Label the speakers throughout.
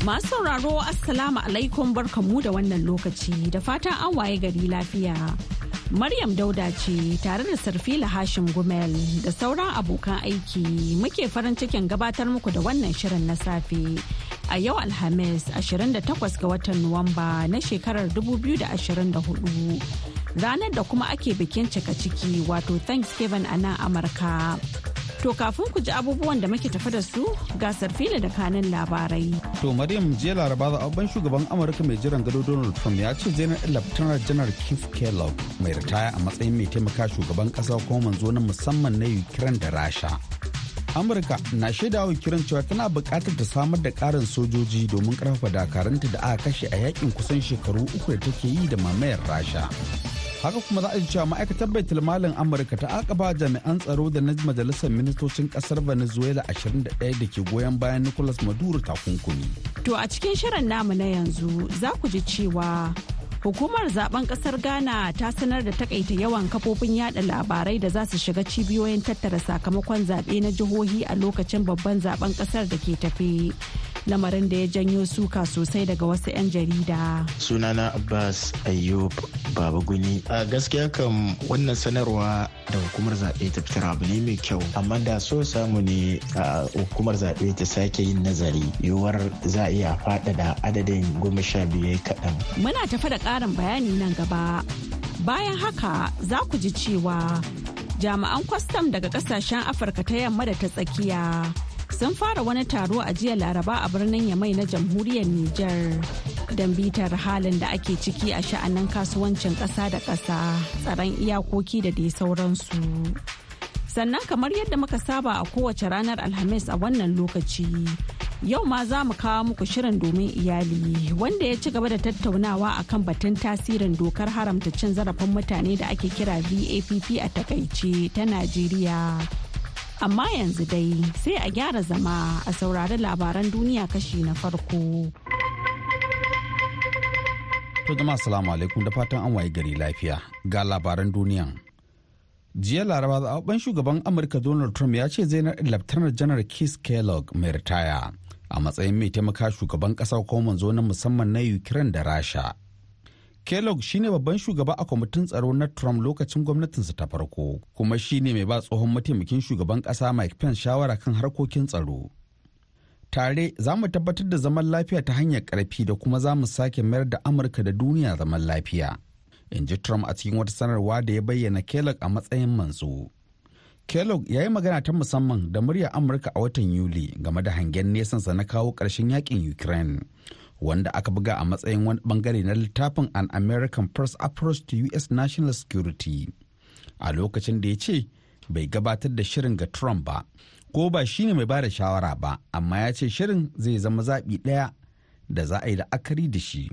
Speaker 1: Masu sauraro Assalamu alaikum barkamu da wannan lokaci da fatan an waye gari lafiya. Maryam Dauda ce tare da Sarfila Hashim Gumel da sauran abokan aiki muke farin cikin gabatar muku da wannan shirin na safe. A yau Alhamis 28 ga watan Nuwamba na shekarar 2024 ranar da kuma ake bikin cika ciki wato Thanksgiving a nan Amurka. To kafin ku ji abubuwan da muke tafa da su gasar fili da kanin labarai.
Speaker 2: To Maryam jiya laraba zaɓen shugaban Amurka mai jiran gado Donald Trump ya ce janar Laftanar Janar Keith Kellogg mai ritaya a matsayin mai taimaka shugaban ƙasa kuma manzo na musamman na Ukraine da Rasha. Amurka na shaida shaidawa kiran cewa tana buƙatar ta samar da ƙarin sojoji domin ƙarfafa dakaranta da aka kashe a yakin kusan shekaru uku da take yi da mamayar Rasha. haka kuma za a cewa ma'aikatar baitul malin amurka ta akaba jami'an tsaro da na majalisar ministocin kasar venezuela 21 da ke goyon bayan nicolas maduro takunkumi
Speaker 1: to a cikin shirin namu na yanzu za ku ji cewa hukumar zaben kasar ghana ta sanar da takaita yawan kafofin yada labarai da za su shiga cibiyoyin tattara sakamakon zaɓe na jihohi a lokacin babban zaben kasar da ke tafe lamarin da ya janyo suka sosai daga wasu 'yan jarida.
Speaker 3: Sunana Abbas Ayyub Babaguni. A gaskiya kan wannan sanarwa da hukumar zaɓe ta fitar abu ne mai kyau amma da so samu ne a hukumar zaɓe ta sake yin nazari yiwuwar za a iya faɗaɗa adadin goma sha biyu kaɗan.
Speaker 1: Muna tafa da ƙarin bayani nan gaba. Bayan haka za ku ji cewa jami'an kwastam daga ƙasashen Afirka ta yamma da ta tsakiya sun fara wani taro a jiya laraba a birnin yamai na jamhuriyar Nijar. don bitar halin da ake ciki a sha'anin kasuwancin ƙasa da ƙasa tsaron iyakoki da dai sauransu. Sannan kamar yadda muka saba a kowace ranar Alhamis a wannan lokaci. Yau ma za mu kawo muku shirin domin iyali wanda ya ci gaba da tattaunawa a kan batun tasirin dokar haramta cin zarafin mutane da ake kira VAPP a takaice ta Najeriya. Amma yanzu dai sai a gyara zama a saurari labaran duniya kashi na farko.
Speaker 2: To jama'a salamu alaikum da fatan an waye gari lafiya ga labaran duniya. Jiya Laraba zaɓen shugaban Amurka Donald Trump ya ce zai naɗa Laftanar Janar Keith Kellogg mai ritaya a matsayin mai taimaka shugaban ƙasa ko manzo na musamman na Ukraine da Rasha kellogg shine babban shugaba a kwamitin tsaro na trump lokacin gwamnatinsa ta farko kuma shine mai ba tsohon mataimakin shugaban ƙasa mike pence shawara kan harkokin tsaro tare za mu tabbatar da zaman lafiya ta hanyar karfi da kuma za mu sake mayar da amurka da duniya zaman lafiya in ji trump a cikin wata sanarwa da ya bayyana kellogg a matsayin manzo kellogg ya yi magana ta musamman da murya amurka a watan yuli game da hangen nesansa na kawo ƙarshen yaƙin ukraine wanda aka buga a matsayin wani bangare na littafin an american first approach to u.s national security a lokacin da ya ce bai gabatar da shirin ga trump ba ko ba shi ne mai ba da shawara ba amma ya ce shirin zai zama zaɓi ɗaya da za a yi la'akari da shi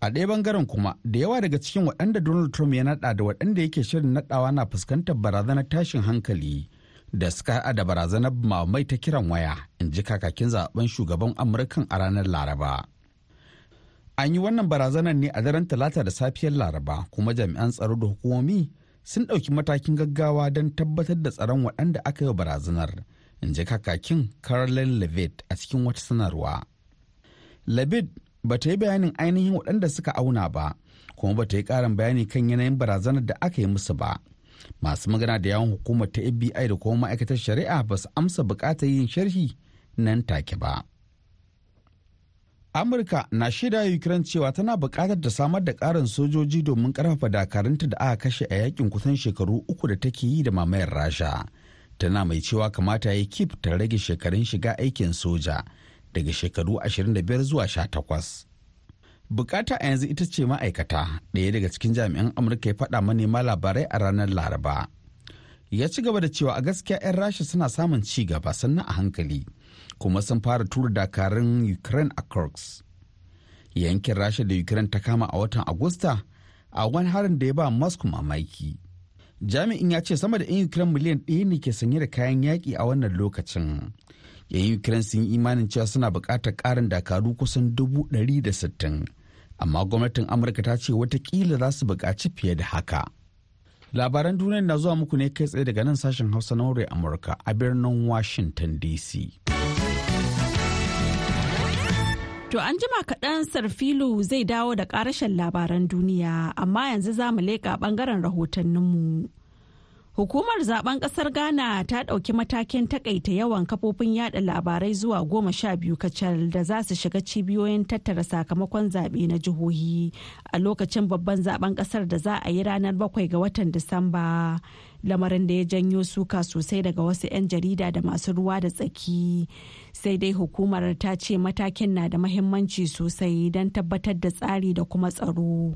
Speaker 2: a ɗaya bangaren kuma da yawa daga cikin waɗanda donald trump ya naɗa da waɗanda yake shirin naɗawa na fuskantar barazanar tashin hankali da suka da barazanar mamai ta kiran waya in ji kakakin zaben shugaban amurkan a ranar laraba an yi wannan barazanar ne a daren talata da safiyar laraba kuma jami'an tsaro da hukumomi sun ɗauki matakin gaggawa don tabbatar da tsaron waɗanda aka yi barazanar in ji kakakin carolyn levitt a cikin wata sanarwa levitt ba ta yi bayanin ainihin waɗanda suka auna ba kuma ba ta yi ƙarin bayani kan yanayin barazanar da aka yi musu ba masu magana da yawon hukumar ta fbi da kuma ma'aikatar shari'a ba su amsa bukatar yin sharhi nan take ba amurka na shaida ukraine cewa tana bukatar da samar da karin sojoji domin karfafa dakarunta da aka kashe a yakin kusan shekaru uku da take yi da mamayar rasha tana mai cewa kamata ya kif ta rage shekarun shiga aikin soja daga shekaru 25 zuwa 18 bukata a yanzu ita ce ma'aikata ɗaya daga cikin jami'an amurka ya faɗa manema labarai a ranar laraba ya ci gaba da cewa a gaskiya 'yan rasha suna samun ci gaba sannan a hankali kuma sun fara tura dakarun ukraine a kirks yankin rasha da ukraine ta kama a watan agusta a wani harin da ya ba moscow mamaki jami'in ya ce sama da 'yan ukraine miliyan ɗaya ne ke sanye da kayan yaƙi a wannan lokacin yan ukraine sun yi imanin cewa suna buƙatar ƙarin dakaru kusan dubu ɗari da sittin amma gwamnatin amurka ta ce watakila za su buƙaci fiye da haka labaran duniya na zuwa muku ne kai tsaye daga nan sashen hausa na wuri amurka a birnin washington dc
Speaker 1: to an jima kaɗan sarfilu zai dawo da ƙarashen labaran duniya amma yanzu za mu leƙa ɓangaren rahotanninmu. Hukumar zaben kasar Ghana ta ɗauki matakin takaita yawan kafofin yada labarai zuwa goma sha biyu kacal da za su shiga cibiyoyin tattara sakamakon zaɓe na jihohi a lokacin babban zaben kasar da za a yi ranar bakwai ga watan Disamba. Lamarin da ya janyo suka sosai daga wasu 'yan jarida da masu ruwa da tsaki. Sai dai hukumar ta ce matakin na da mahimmanci sosai don tabbatar da tsari da kuma tsaro.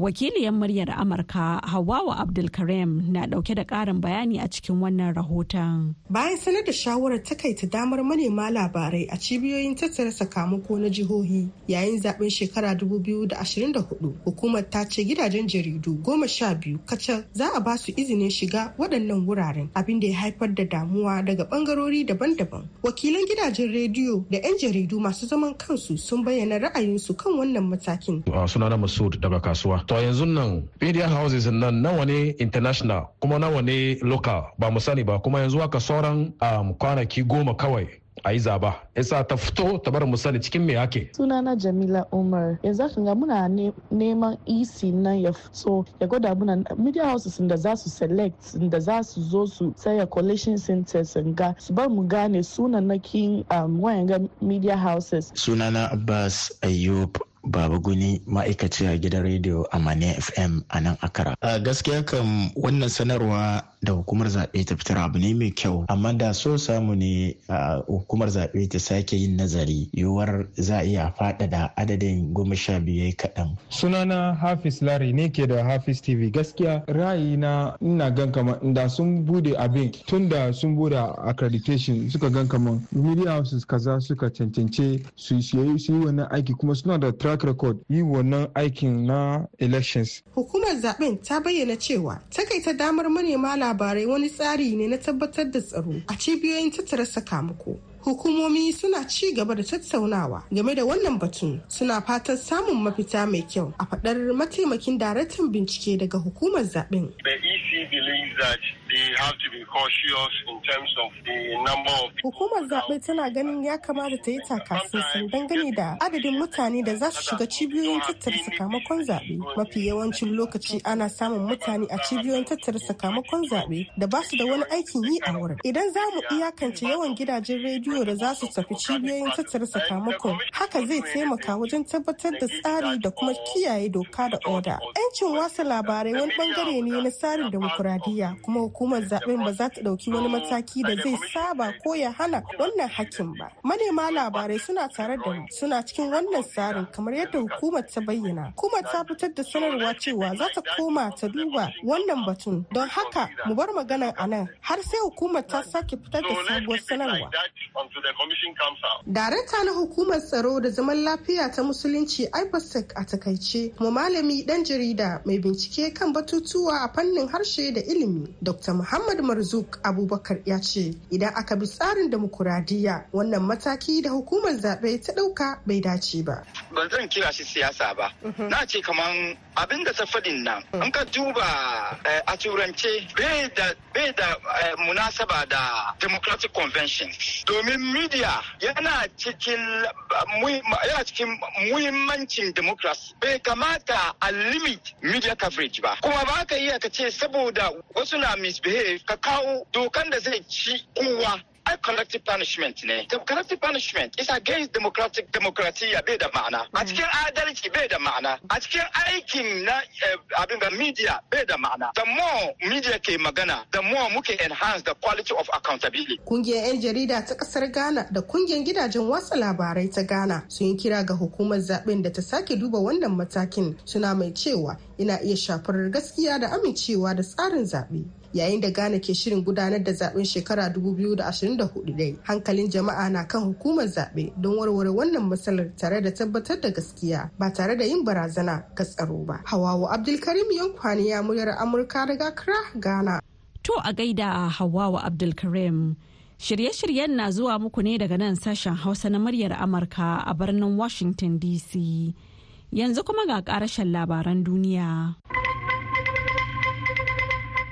Speaker 1: wakiliyar muryar amurka hawawa abdulkarim na dauke da karin bayani a cikin wannan
Speaker 4: rahoton bayan sanar da shawarar takaita damar manema labarai a cibiyoyin tattara sakamako na jihohi yayin zaben shekara 2024 hukumar ta ce gidajen jaridu goma sha biyu kacal za a ba su izinin shiga waɗannan wuraren abin da ya haifar da damuwa daga bangarori daban-daban wakilan gidajen rediyo da 'yan jaridu masu zaman kansu sun bayyana ra'ayinsu kan wannan matakin
Speaker 2: ah, sunana masud daga kasuwa to yanzu nan media houses nan nawa ne international kuma nawa ne local ba mu sani ba kuma yanzu aka sauran um, kwanaki goma kawai a yi zaba isa ta fito ta bar mu sani cikin me ake
Speaker 5: sunana jamila umar yanzu aka ga muna neman ec nan ya fito ya gwada muna media houses da za su select da za su zo su tsaya collation centers ga su bar mu gane sunan na kin um, wayan ga media houses
Speaker 3: sunana abbas ayub Baba Guni ma'aikaci a gidan rediyo a Mane FM a nan Akara. A gaskiya kan wannan sanarwa da hukumar zaɓe ta fitar abu ne mai kyau amma da so samu ne hukumar zaɓe ta sake yin nazari yiwuwar za a iya faɗaɗa adadin goma sha biyu kaɗan. sunana hafiz lari ne ke da hafiz tv gaskiya ra'ayi na ina gan kama da sun bude abin tun
Speaker 2: da sun bude accreditation suka gan kama media houses kaza suka cancance su yi wannan aiki kuma suna da track record yi wannan aikin na elections.
Speaker 4: hukumar zaɓen ta bayyana cewa takaita damar manema labarai labarai wani tsari ne na tabbatar da tsaro a cibiyoyin tattara sakamako hukumomi suna ci gaba da tattaunawa game da wannan batun suna fatan samun mafita mai kyau a faɗar mataimakin daraktan bincike daga hukumar zaɓen. The EC believes that Hukumar zaɓe tana ganin ya kamata ta yi takasusun dangane da adadin mutane da za su shiga cibiyoyin tattara sakamakon zaɓe. Mafi yawancin lokaci ana samun mutane a cibiyoyin tattara sakamakon zaɓe da ba su da wani aikin yi a wurin. Idan za mu iyakance yawan gidajen rediyo da za su tafi cibiyoyin tattara sakamakon, haka zai taimaka wajen tabbatar da tsari da kuma kiyaye doka da oda. 'Yancin wasa labarai wani bangare ne na tsarin demokuraɗiyya kuma hukumar zaben ba za ta ɗauki wani mataki da zai saba ko ya hana wannan hakkin ba. Manema labarai suna tare da mu suna cikin wannan tsarin kamar yadda hukumar ta bayyana. Kuma ta fitar da sanarwa cewa za ta koma ta duba wannan batun don haka mu bar maganar a nan har sai hukumar ta sake fitar da sabuwar sanarwa. Darakta na hukumar tsaro da zaman lafiya ta musulunci IPOSEC a takaice mu malami dan jarida mai bincike kan batutuwa a fannin harshe da ilimi Dr. Dr. Muhammad Marzuk Abubakar ya ce idan aka bi tsarin demokuradiyya wannan mataki da hukumar zaɓe ta ɗauka bai dace ba.
Speaker 2: ban zan kira shi siyasa ba. Mhm. Na ce kaman abin da safadin nan an mhm. ka duba eh, a turance bai da eh, munasaba da Democratic Convention. Domin media yana cikin cikin muhimmancin democracy bai kamata a limit media coverage ba.
Speaker 3: Kuma ba ka iya ka ce saboda wasu na misbehave ka kawo dokan da zai
Speaker 2: ci kowa a collective punishment ne. The collective punishment is against democratic ya bai da ma'ana. A mm. cikin adalci bai da ma'ana. A cikin aikin na eh,
Speaker 3: abin da media bai da ma'ana. The more media ke magana, the more muke enhance the quality of accountability.
Speaker 4: Kungiyar 'yan jarida ta kasar Ghana da kungiyar gidajen watsa labarai ta Ghana sun yi kira ga hukumar zaben da ta sake duba wannan matakin suna mai cewa yana iya shafar gaskiya da amincewa da tsarin zaɓe. yayin da Ghana ke shirin gudanar da zaben shekara 2024 dai. Hankalin jama'a na kan hukumar zaɓe don warware wannan matsalar tare da tabbatar da gaskiya ba tare da yin barazana ga tsaro ba. Hawawu Abdulkarim Yankwani ya muryar Amurka daga Accra, Ghana. To
Speaker 1: a gaida Hawawu Abdulkarim. Shirye-shiryen na zuwa muku ne daga nan sashen Hausa na muryar Amurka a birnin Washington DC. Yanzu kuma ga karashen labaran duniya.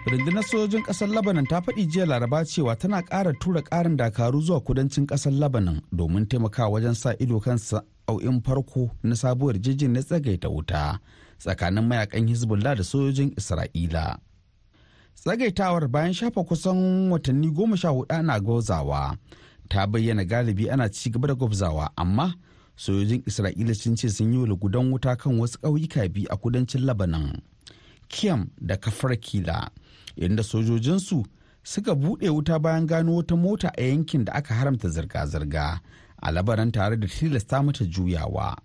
Speaker 2: rundunar sojojin ƙasar labanan ta faɗi jiya laraba cewa tana ƙara tura ƙarin dakaru zuwa kudancin ƙasar labanan domin taimakawa wajen sa ido kan sa'o'in farko na sabuwar jirgin na tsagaita wuta tsakanin mayakan hezbollah da sojojin isra'ila tsagaitawar bayan shafa kusan watanni goma sha hudu ana gwazawa ta bayyana galibi ana ci gaba da gwabzawa amma sojojin isra'ila sun ce sun yi gudan wuta kan wasu ƙauyuka biyu a kudancin labanan kiyam da kafar kila inda sojojinsu suka buɗe wuta bayan gano wata mota a yankin da aka haramta zirga-zirga a labaran tare da tilasta mata juyawa.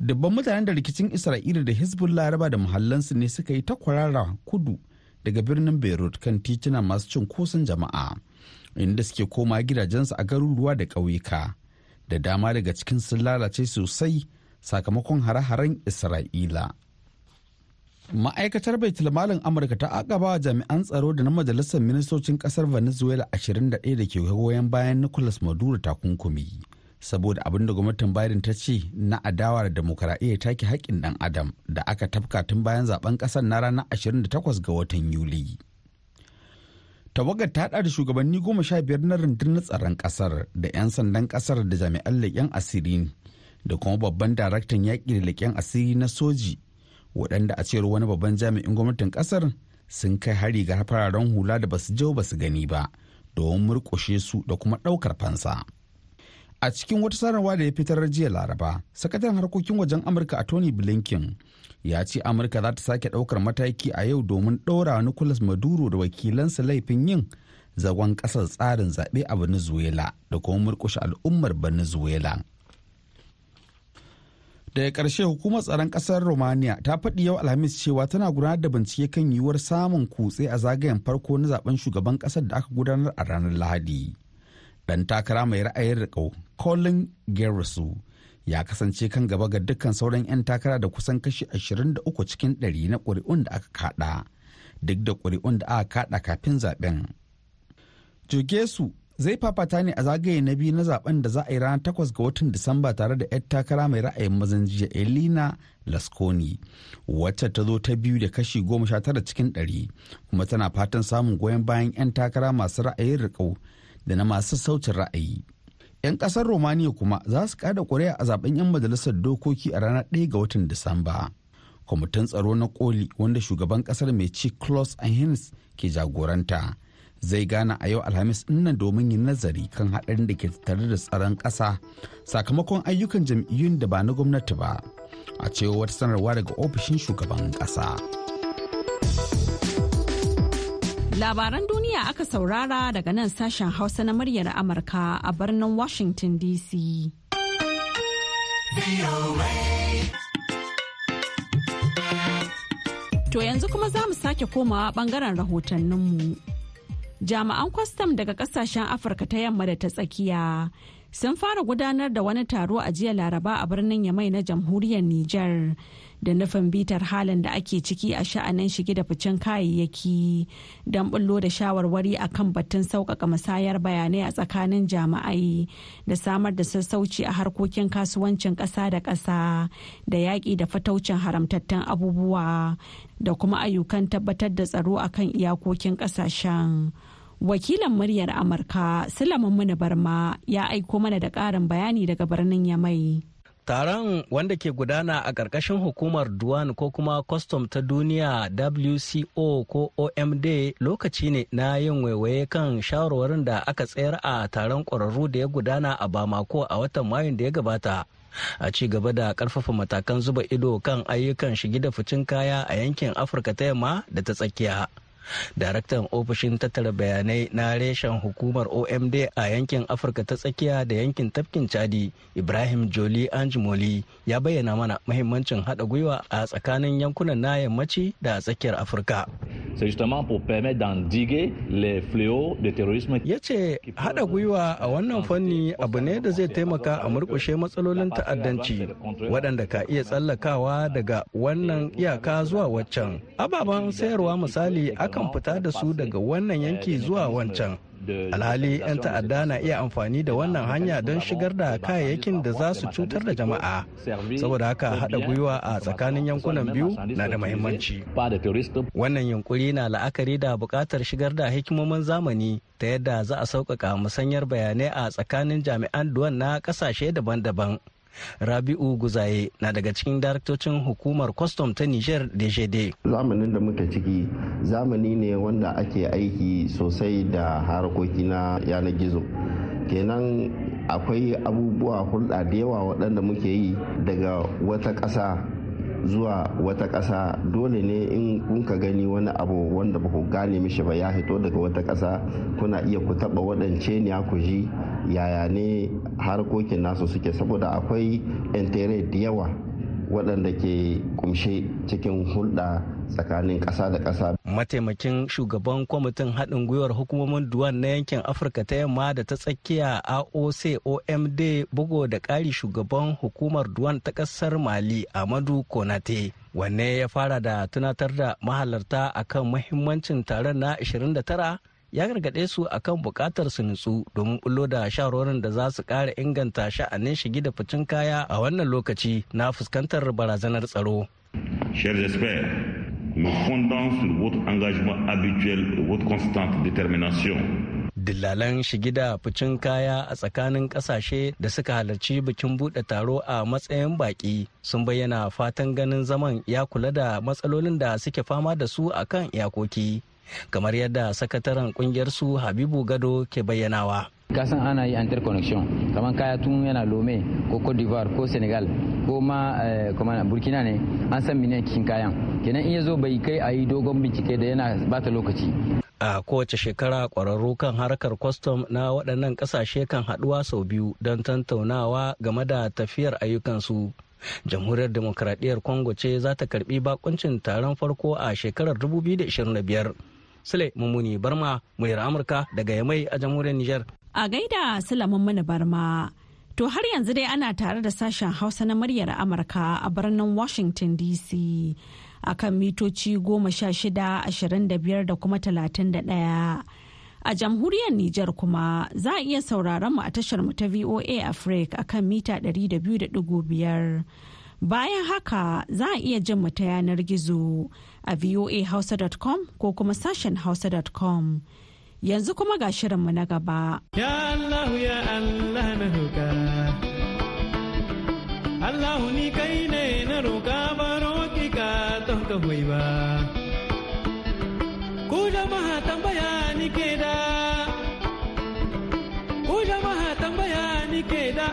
Speaker 2: Dabban mutanen da rikicin Isra'ila da Hezbollah raba da muhallansu ne suka yi ta kwarara kudu daga birnin Beirut kan tituna masu cin cunkoson jama'a, inda suke koma gidajensu a garuruwa da ƙauyuka. Da dama daga cikin sun lalace sosai sakamakon hare-haren Isra'ila. ma'aikatar baitul malin amurka ta akaba jami'an tsaro da na majalisar ministocin kasar venezuela 21 da ke goyon bayan nicolas maduro takunkumi saboda abin da gwamnatin biden ta ce na adawa da ta take haƙƙin ɗan adam da aka tafka tun bayan zaben ƙasar na ranar 28 ga watan yuli tawagar ta haɗa da shugabanni goma sha biyar na rundunar tsaron ƙasar da 'yan sandan ƙasar da jami'an leƙen asiri da kuma babban daraktan yaƙi da leƙen asiri na soji waɗanda a cewar wani babban jami'in gwamnatin ƙasar sun kai hari ga fararen hula da basu je basu gani ba domin murƙushe su da kuma ɗaukar fansa. A cikin wata sanarwa da ya fitar jiya Laraba, sakataren harkokin wajen Amurka a Tony Blinken ya ce Amurka za ta sake ɗaukar mataki a yau domin ɗora nicholas Maduro da wakilansa laifin yin zagon ƙasar tsarin zaɓe a Venezuela da kuma murƙushe al'ummar Venezuela. daga ƙarshe hukumar tsaron ƙasar romania ta faɗi yau alhamis cewa tana gudanar da bincike kan yiwuwar samun kutse a zagayen farko na zaben shugaban ƙasar da aka gudanar a ranar lahadi ɗan takara mai ra'ayin riƙau colin garrison ya kasance kan gaba ga dukkan sauran 'yan takara da kusan kashi 23 cikin 100 na ƙuri'un da aka kaɗa duk da ƙuri'un da aka kaɗa kafin zaben. Jogesu zai fafata ne a zagaye na biyu na zaben da za a yi ranar takwas ga watan disamba tare da 'yar takara mai ra'ayin mazan jiya elina lasconi wacce ta zo ta biyu da kashi goma sha tara cikin ɗari kuma tana fatan samun goyon bayan 'yan takara masu ra'ayin riƙau da na masu saucin ra'ayi 'yan ƙasar romania kuma za su kada ƙuri'a a zaben 'yan majalisar dokoki a ranar ɗaya ga watan disamba kwamitin tsaro na koli wanda shugaban ƙasar mai ci claus ahins ke jagoranta zai gana a yau alhamis nan domin yin nazari kan haɗarin da ke tattare da tsaron ƙasa sakamakon ayyukan jam'iyyun da ba na gwamnati ba a cewa wata sanarwa daga ofishin shugaban ƙasa
Speaker 1: labaran duniya aka saurara daga nan sashen hausa na muryar amurka a birnin washington dc To yanzu kuma za mu sake komawa bangaren rahotanninmu. jami'an kwastam daga kasashen afirka ta yamma da ta tsakiya sun fara gudanar da wani taro a jiya laraba a birnin yamai na jamhuriyar niger da nufin bitar halin da ake ciki a sha'anin shige da ficen kayayyaki don bullo da shawarwari a kan batun sauƙaƙa musayar bayanai a tsakanin jami'ai da samar da sassauci a harkokin kasuwancin ƙasa da ƙasa da yaƙi da fataucin haramtattun abubuwa da kuma ayyukan tabbatar da tsaro a kan iyakokin ƙasashen. Wakilan muryar Amurka Sulaiman mana Barma ya aiko mana da karin bayani daga birnin Yamai.
Speaker 3: Taron wanda ke gudana a ƙarƙashin hukumar Duwan ko kuma kwastom ta Duniya WCO ko OMD lokaci ne na yin waiwaye kan shawarwarin da aka tsayar a taron ƙwararru da ya gudana a Bamako a watan Mayun da ya gabata. a ci gaba da karfafa matakan zuba ido kan ayyukan shige da ficin kaya a yankin afirka ta yamma da ta tsakiya daraktan ofishin tattara bayanai na reshen hukumar omd a yankin afirka ta tsakiya da yankin tafkin chadi ibrahim joli anjimoli ya bayyana mana mahimmancin haɗa gwiwa a tsakanin yankunan na yammaci da tsakiyar afirka ya ce haɗa gwiwa a wannan fanni abu ne da zai taimaka a murkushe matsalolin ta'addanci waɗanda ka iya tsallakawa daga wannan iyaka zuwa waccan ababen sayarwa misali akan akan fita da su daga wannan yanki zuwa wancan alhali 'yan ta'adda na iya amfani da wannan hanya don shigar da kayayyakin da za su cutar da jama'a saboda haka haɗa gwiwa a tsakanin yankunan biyu na da mahimmanci wannan yunkuri na la'akari da buƙatar shigar da hikimomin zamani ta yadda za a sauƙaƙa musanyar bayanai a tsakanin jami'an duwan na ƙasashe daban-daban rabi'u guzaye na daga cikin daraktocin hukumar kwastom ta niger dgd zamanin da muke ciki zamani ne wanda ake aiki sosai da harkoki na yanar gizo kenan akwai abubuwa hulɗa da yawa waɗanda muke yi daga wata ƙasa zuwa wata ƙasa dole ne in kun ka gani wani abu wanda ba ku gane mishi ba ya hito daga wata ƙasa kuna iya ku taɓa waɗance ne ku ji yaya ne harkokin nasu suke saboda akwai intere da yawa waɗanda ke kumshe cikin hulɗa tsakanin ƙasa da ƙasa. Mataimakin shugaban kwamitin haɗin gwiwar hukumomin duwan na yankin Afirka ta yamma da ta tsakiya AOC OMD bugo da ƙari shugaban hukumar duwan ta ƙasar Mali Amadu Konate. Wanne ya fara da tunatar da mahalarta akan mahimmancin taron na 29 ya gargaɗe su akan buƙatar su nutsu domin bullo da shawarorin da za su ƙara inganta sha'anin shigi da ficin kaya a wannan lokaci na fuskantar barazanar tsaro.
Speaker 2: me fondant sur votre engagement habituel et votre constante détermination.
Speaker 3: dillalan shigida ficin kaya a tsakanin kasashe da suka halarci bikin buɗe taro a matsayin baƙi sun bayyana fatan ganin zaman ya kula da matsalolin da suke fama da su a kan iyakoki kamar yadda sakataren ƙungiyar su habibu gado ke bayyanawa kasan ana yi interconnection kamar kaya tun yana lome ko cote d'ivoire
Speaker 6: ko senegal ko ma eh, burkina ne an san mine cikin kayan kenan in ya zo bai kai a yi dogon bincike da yana bata lokaci
Speaker 3: a kowace shekara kwararru kan harkar kwastam na waɗannan ƙasashe kan haɗuwa sau biyu don tantaunawa game da tafiyar ayyukansu jamhuriyar demokradiyyar congo ce za ta karbi bakuncin taron farko a shekarar 2025 sule mummuni barma muryar amurka daga yamai a jamhuriyar niger
Speaker 1: A gaida sulamin mana barma. To har yanzu dai ana tare da sashen Hausa na muryar Amurka a birnin Washington DC a kan mitoci goma sha shida ashirin da biyar da kuma talatin da ɗaya. A jamhuriyar Nijar kuma za a iya sauraron mu a tashar mu ta VOA Africa a kan mita biyar. Bayan haka za a iya jin mu ta yanar gizo a voahausa.com ko kuma sashen hausa.com. yanzu kuma ga shirinmu na gaba.
Speaker 3: Ya Allah ya Allah na roƙa. Allah ni kai ne na roƙa ba roƙi ka ton ka ba. Ku jama'a tambaya ni ke da. Ku jama'a tambaya ni ke da.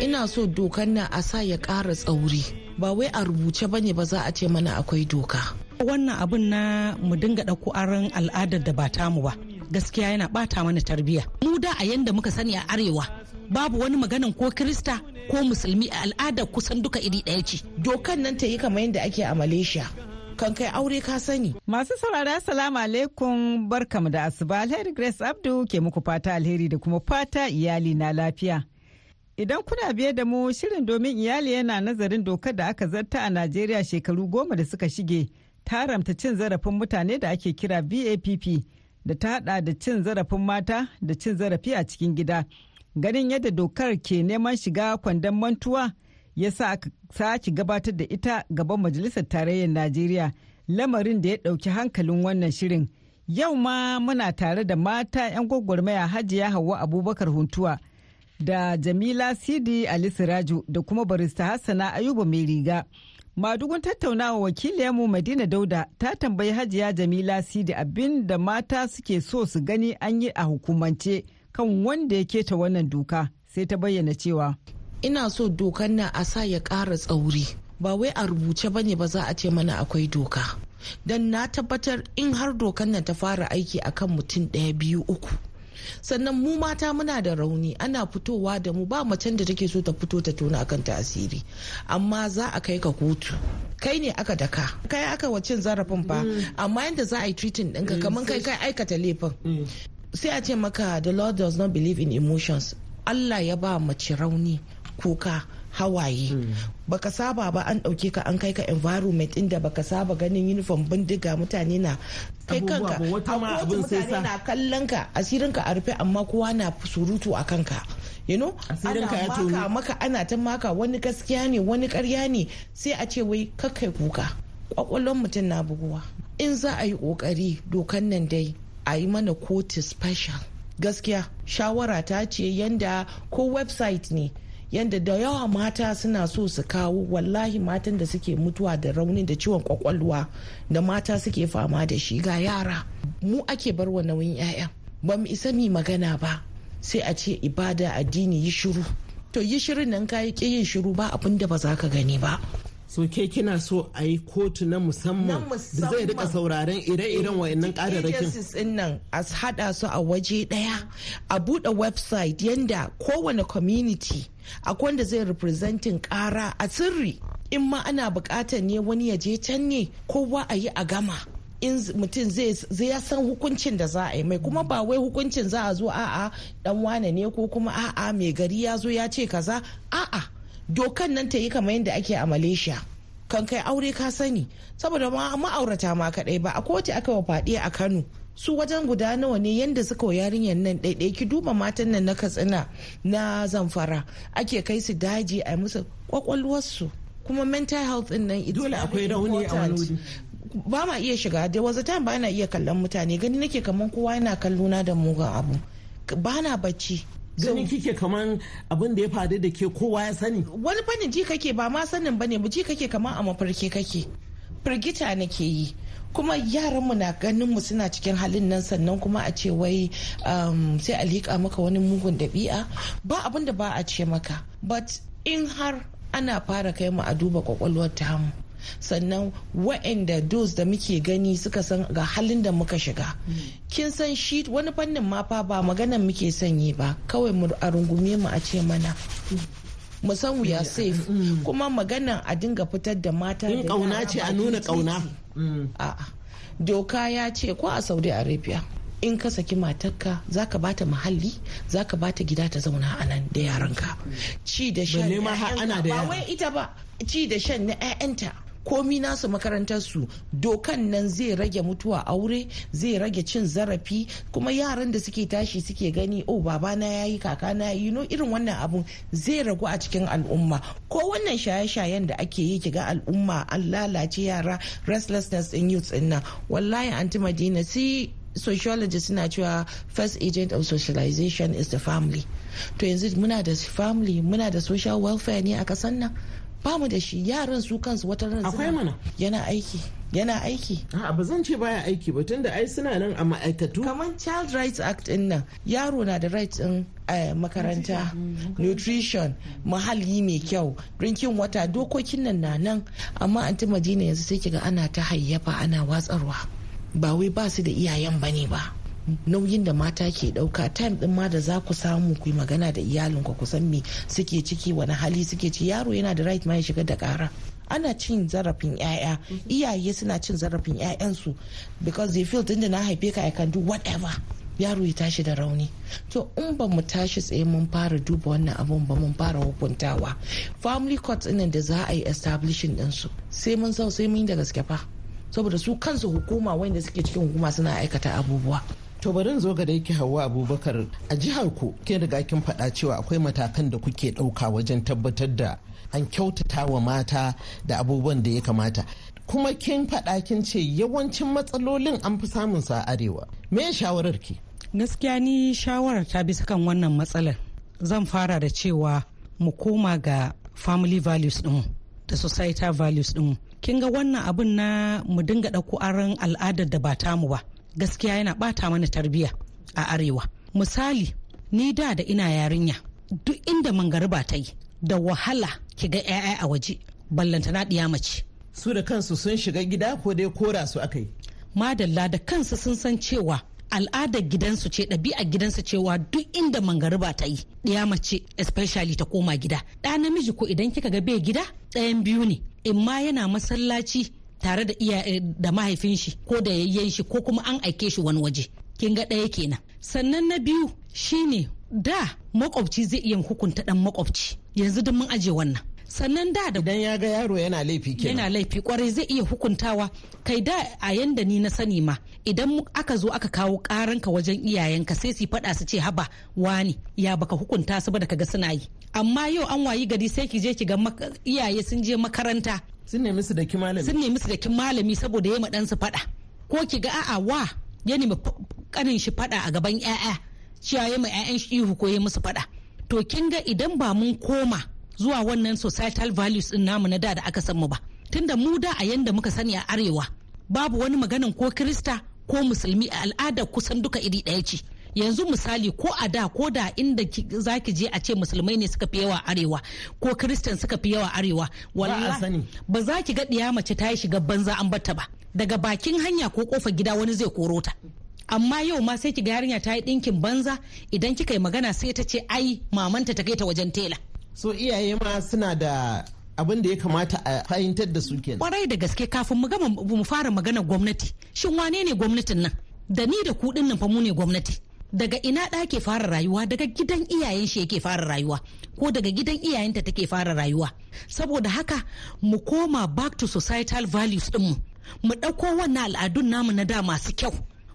Speaker 5: Ina so dokan nan a sa ya ƙara tsauri. Ba wai a rubuce bane ba za a ce mana akwai doka.
Speaker 7: wannan abun na mu dinga ɗauko aron al'adar da ba tamu ba gaskiya yana bata mana tarbiyya mu da a yanda muka sani a arewa babu
Speaker 5: wani maganan ko Kirista ko musulmi a al'adar kusan duka iri ɗaya ce dokan nan ta yi kamar yadda ake a malaysia kan kai aure ka sani. Masu saurara assalamu alaikum
Speaker 6: barkamu da asuba alheri Grace Abdu ke muku fata alheri da kuma fata iyali na lafiya. Idan kuna biye da mu shirin domin iyali yana nazarin dokar da aka zarta a Najeriya shekaru goma da suka shige ta haramta cin zarafin mutane da ake kira bapp da ta hada da cin zarafin mata da cin zarafi a cikin gida ganin yadda dokar ke neman shiga kwandon mantuwa ya sa aka sake gabatar da ita gaban majalisar tarayyar najeriya lamarin da ya ɗauki hankalin wannan shirin yau ma muna tare da mata 'yan gwagwarmaya hajiya hawa abubakar huntuwa da jamila sidi ali siraju da kuma barista hassana ayuba mai riga Madugun tattaunawa wakiliyarmu Madina Dauda ta tambayi Hajiya Jamila Sidi abin da mata suke so su gani an yi a hukumance kan wanda ya keta wannan doka sai ta
Speaker 5: bayyana cewa. Ina so dokan nan a sa ya kara tsauri ba wai a rubuce ba ne ba za a ce mana akwai doka. Don na tabbatar in har dokan nan ta fara aiki akan mutum ɗaya biyu uku sannan mu mata muna da rauni ana fitowa da mu ba macen da take so ta fito ta tona akan ta asiri amma za a kai ka kotu kai ne aka daka kai aka wacin zarafin fa mm. amma yadda za a yi treating ɗinka mm, kamar kai kai aikata laifin mm. sai a ce maka the lord does not believe in emotions allah ya ba mace rauni kuka hawaye hmm. baka saba ba an ɗauke ka an kai ka environment inda baka saba ganin uniform bindiga mutane na kai kanka a sai sa na kallon ka asirin ka a rufe amma kowa na surutu a kanka you know ana maka maka ana ta maka wani gaskiya ne wani karya ne sai a ce wai kakai kuka kwakwalon mutum na buguwa in za a yi kokari dokan nan dai a yi mana kotu special gaskiya shawara ta ce yanda ko website ne yadda da yawa mata suna so su kawo wallahi matan da suke mutuwa da raunin da ciwon kwakwalwa da mata suke fama da shi ga yara mu ake bar wa nauyin 'ya'ya ba mu isa mi magana ba sai a ce ibada addini yi shiru to yi shirin nan kayi ki yin shiru ba abin da ba za ka gani ba so ke kina so a yi kotu na musamman da zai rika sauraren ire-iren wa'annan kararrakin agencies din nan a hada su a waje daya a bude website yanda kowane community akwai wanda zai representing kara a sirri in ma ana bukatar ne wani ya je can ne kowa a yi a gama in mutum zai ya san hukuncin da za a yi mai kuma ba wai hukuncin za a zo a'a dan wane ne ko kuma a'a mai gari ya zo ya ce kaza a'a dokan nan ta yi kamar yadda ake a malaysia kan kai aure ka sani saboda ma'aurata ma kadai ba a kowace aka wa faɗi a kano su wajen guda nawa ne yadda suka wa yarinyar nan ɗaiɗai ki duba matan nan na katsina na zamfara ake kai su daji a musu kwakwalwarsu kuma mental health din nan dole akwai rauni a wani ba ma iya shiga da wasu time ba na iya kallon mutane gani nake kaman kowa yana kallona da mugun abu ba na bacci ganin kike kaman abin da ya faru da ke kowa ya sani wani fannin ji kake ba ma sanin bane mu ji kake kaman a mafarki kake firgita nake yi kuma yaran mu na ganin mu suna cikin halin nan sannan kuma a ce wai um, sai a liƙa maka wani mugun dabi'a ba abin da ba a ce maka but in har ana fara kai mu a duba kwakwalwar ta mu sannan wa'anda dos da muke gani suka san ga halin da muka shiga kin san shi wani fannin ma fa ba maganan muke sanyi ba kawai mu a rungume mu a ce mana mu san we safe mm. kuma maganan a dinga fitar da mata da kauna ce a nuna kauna mm. a doka ya ce ko a saudi arabia in ka saki matarka za ka bata muhalli za ka bata gida ta zauna a nan da yaranka ci da shan ba wai ita ba ci da shan na 'ya'yanta komi nasu makarantarsu dokan nan zai rage mutuwa aure zai rage cin zarafi kuma yaran da suke tashi suke gani oh babana ya yi kakana ya yi no irin wannan abun zai ragu a cikin al'umma ko wannan shaye-shayen da ake yi kiga al'umma an lalace yara restlessness in youth din nan wallahi anti madina si sociologist suna cewa first agent of socialization is the family to yanzu muna da family muna da social welfare ne a kasan nan bamu mu da shi yaran su kansu wata ran akwai mana yana aiki yana aiki a ba zan ce baya aiki ba tunda ai suna nan a ma'aikatu kamar child rights act din nan yaro na da rights din eh, makaranta nutrition muhalli mai kyau rinkin wata dokokin nan na nan amma anti madina yanzu sai kiga ana ta hayyafa ana watsarwa ba wai ba su da iyayen bane ba nauyin da mata ke ɗauka time din ma da za ku samu ku yi magana da iyalin ku kusan me suke ciki wani hali suke ciki yaro yana da right ma ya shiga da kara ana cin zarafin 'ya'ya iyaye suna cin zarafin 'ya'yansu because they feel tunda na haife ka i can do whatever yaro ya tashi da rauni to in ba mu tashi tsaye mun fara duba wannan abun ba mun fara hukuntawa family court ɗin da za a yi establishing su sai mun sau sai mun yi da gaske fa saboda su kansu hukuma wanda suke cikin hukuma suna aikata abubuwa to bari zo ga dai yake hawa abubakar a jihar ku kin riga kin faɗa cewa akwai matakan da kuke ɗauka wajen tabbatar da an kyautata wa mata da abubuwan da ya kamata kuma kin faɗa kin ce yawancin matsalolin an fi samun sa arewa me
Speaker 7: shawarar ki gaskiya ni shawarar ta bi kan wannan matsalar zan fara da cewa mu koma ga family values din da societal values din kin ga wannan abin na mu dinga ɗauko aran al'adar da ba mu ba gaskiya yana bata mana tarbiya a arewa misali ni da da ina yarinya duk inda mangariba ta yi da wahala ki ga 'ya'ya a waje ballanta na diya mace su da kansu sun shiga gida ko dai kora su aka yi madalla da kansu sun san cewa al'adar gidansu ce ɗabi'ar gidansu cewa duk inda mangariba ta yi diya mace especially ta koma gida ɗa namiji ko idan kika ga bai gida ɗayan biyu ne in ma yana masallaci tare da iya eh, da mahaifin shi ko da yayyen shi ko kuma an aike shi wani waje kin ga ɗaya kenan sannan na biyu shine da makwabci zai iya hukunta dan makwabci yanzu duk mun aje wannan sannan da da idan ya ga yaro yana laifi kenan yana laifi kwarai zai iya hukuntawa kai da a yanda ni na sani ma idan aka zo aka kawo karanka wajen iyayenka sai su faɗa su ce haba wani ya baka hukunta su ba da kaga suna yi amma yau an wayi gari sai ki je ki ga iyaye sun je makaranta sun nemi su daki malami sun nemi su daki malami saboda yema ɗansu faɗa ko ki ga a'a wa ya nemi kanin shi faɗa a gaban 'ya'ya yayi ma 'ya'yan shi ihu ko ya musu faɗa to kin ga idan ba mun koma zuwa wannan societal values din namu na da da aka san mu ba tunda mu da a yanda muka sani a arewa babu wani maganan ko krista ko musulmi a al'ada kusan duka iri daya ce yanzu misali ko a da ko da inda za ki je a ce musulmai ne suka fi yawa arewa ko kristan suka fi yawa arewa wallahi ba za ki ga ɗiya mace ta yi shiga banza an bata ba daga bakin hanya ko kofar gida wani zai koro ta amma yau ma sai ki ga yarinya ta yi ɗinkin banza idan kika yi magana sai ta ce ai mamanta ta kai ta wajen tela
Speaker 5: so iyaye ma suna da abin da ya kamata a fahimtar da su kenan kwarai
Speaker 7: da gaske kafin mu gama mu fara magana gwamnati shin wane ne gwamnatin nan da ni da ku nan fa mu ne gwamnati daga ina ɗa ke fara rayuwa daga gidan iyayen shi yake fara rayuwa ko daga gidan iyayen ta take fara rayuwa saboda haka mu koma back to societal values ɗinmu mu ɗauko wannan al'adun namu na da masu kyau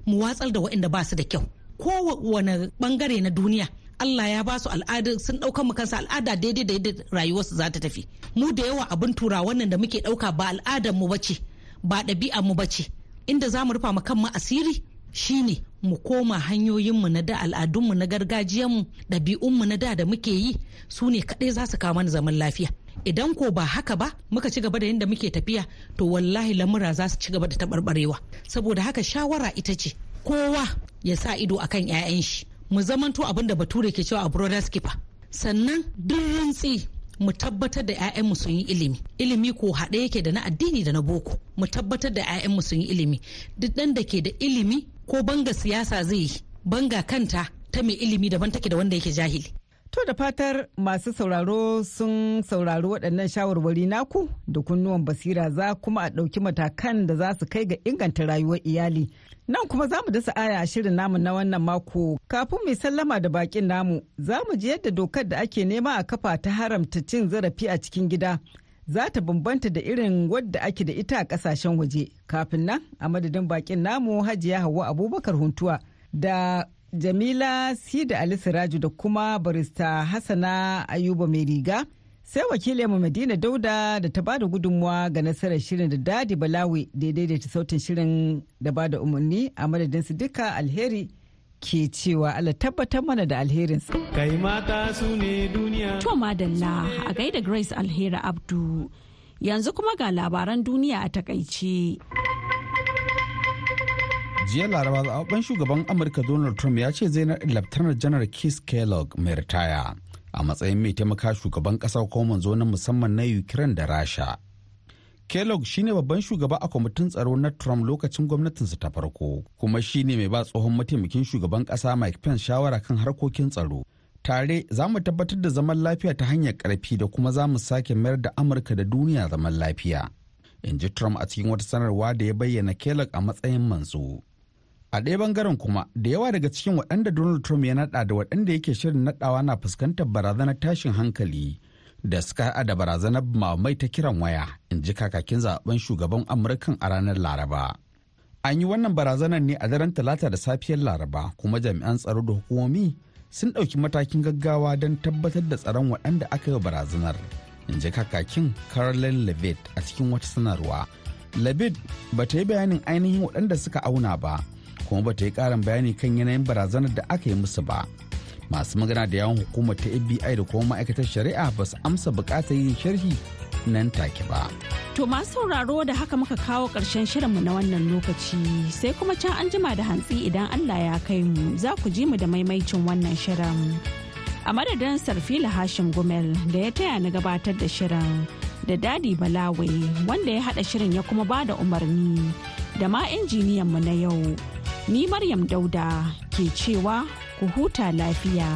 Speaker 7: mu watsar da waɗanda ba su da kyau kowane bangare na duniya Allah ya ba su al'ada sun ɗauka mu kansa al'ada daidai da yadda rayuwarsu za ta tafi mu da yawa abin tura wannan da muke ɗauka ba al'adar mu bace ba ɗabi'ar mu bace inda za mu rufa mu kan mu asiri shine mu koma hanyoyinmu na da al'adunmu na gargajiyanmu ɗabi'unmu na da da muke yi su ne kaɗai za su kawo mana zaman lafiya idan ko ba haka ba muka ci gaba da yadda muke tafiya to wallahi lamura za su ci gaba da taɓarɓarewa saboda haka shawara ita ce kowa ya sa ido akan 'ya'yan shi mu zamanto abin da bature ke cewa a brothers keeper sannan duk rintsi mu tabbatar da 'ya'yanmu sun yi ilimi ilimi ko haɗe yake da na addini da na boko mu tabbatar da 'ya'yanmu sun yi ilimi duk ɗan da ke da ilimi ko banga siyasa zai yi banga kanta ta mai ilimi daban take da wanda yake jahili To da fatar
Speaker 6: masu sauraro sun saurari waɗannan shawarwari naku da kunnuwan basira za kuma a ɗauki matakan da za su kai ga inganta rayuwar iyali. Nan kuma za mu dasa aya a shirin namu na wannan mako. Kafin mai sallama da bakin namu, za mu ji yadda dokar da ake nema a kafa ta haramta cin zarafi a cikin gida za ta bambanta da irin wadda ake da ita a kasashen waje kafin nan a madadin bakin namu hajiya hawa abubakar huntuwa da jamila sida ali siraju da kuma barista hasana ayuba mai riga sai wakilinmu madina dauda da ta bada gudunmuwa ga nasarar shirin da dadi balawi daidai da ta sautin shirin da bada umarni a madadin su duka alheri ke cewa Allah tabbatar mana da alherin. Kai
Speaker 3: mata su ne duniya.
Speaker 1: To madalla a gaida Grace Alheri Abdu. Yanzu kuma ga labaran duniya a takaice.
Speaker 2: jiya laraba zaɓen shugaban amurka donald trump ya ce zai naɗa laftanar janar keith kellogg mai ritaya a matsayin mai taimaka shugaban ƙasa ko manzo na musamman na ukraine da rasha kellogg shine babban shugaba a kwamitin tsaro na trump lokacin gwamnatinsa ta farko kuma shine mai ba tsohon mataimakin shugaban kasa mike pence shawara kan harkokin tsaro tare za mu tabbatar da zaman lafiya ta hanyar karfi da kuma za mu sake mayar da amurka da duniya zaman lafiya in ji trump a cikin wata sanarwa da ya bayyana kellogg a matsayin manzo a ɗaya bangaren kuma da yawa daga cikin waɗanda donald trump ya naɗa da waɗanda yake shirin naɗawa na fuskantar barazanar tashin hankali da suka haɗa da barazanar mamai ta kiran waya in ji kakakin zaben shugaban amurkan a ranar laraba an yi wannan barazanar ne a daren talata da safiyar laraba kuma jami'an tsaro da hukumomi sun ɗauki matakin gaggawa don tabbatar da tsaron waɗanda aka yi barazanar in ji kakakin carolyn levitt a cikin wata sanarwa levitt ba ta yi bayanin ainihin waɗanda suka auna ba kuma ba ta yi ƙarin bayani kan yanayin barazanar da aka yi musu ba masu magana da yawon hukumar ta fbi da kuma ma'aikatar shari'a ba su amsa bukatar yin sharhi nan take ba.
Speaker 1: To masu sauraro da haka muka kawo ƙarshen shirinmu na wannan lokaci sai kuma can an jima da hantsi idan Allah ya kai mu za ku ji mu da maimaicin wannan shirin. A madadin Sarfila Hashim Gumel da ya taya ni gabatar da shirin da Dadi Balawe wanda ya haɗa shirin ya kuma ba da umarni da ma injiniyanmu na yau. Ni Maryam Dauda ke cewa ku huta lafiya.